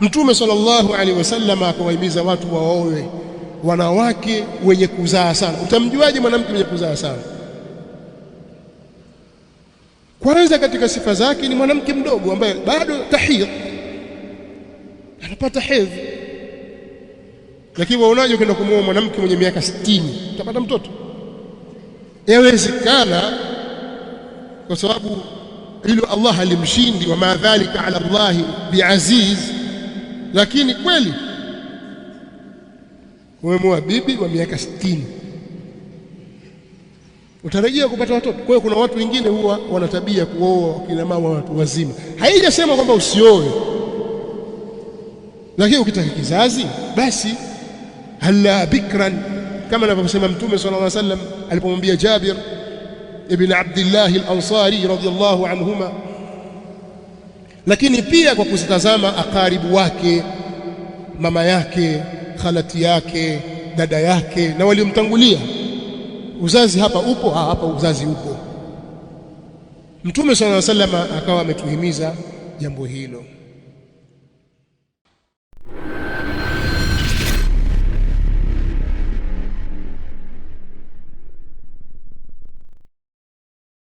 Mtume sallallahu alaihi wasallam akawahimiza watu waowe wanawake wenye kuzaa sana. Utamjuaje mwanamke mwenye kuzaa sana? Kwanza katika sifa zake ni mwanamke mdogo ambaye bado tahidh, anapata hedhi. Lakini waonaje kwenda kumwoa mwanamke mwenye miaka 60 utapata mtoto? Yawezekana, kwa sababu hilo Allah alimshindi wa madhalika ala Allahi biaziz lakini kweli umemoa bibi wa miaka 60 utarajia kupata watoto. Kwa hiyo kuna watu wengine huwa wana tabia kuoa wakina mama watu wazima. Haijasema kwamba usioe, lakini ukitaka kizazi basi hala bikran, kama anavyosema Mtume sallallahu alaihi wasallam alipomwambia Jabir ibn Abdillahi al-Ansari radhiyallahu anhuma lakini pia kwa kuzitazama akaribu wake, mama yake, khalati yake, dada yake na waliomtangulia. Uzazi hapa upo ha, ah, hapa uzazi upo. Mtume sallallahu alaihi wasallam akawa ametuhimiza jambo hilo.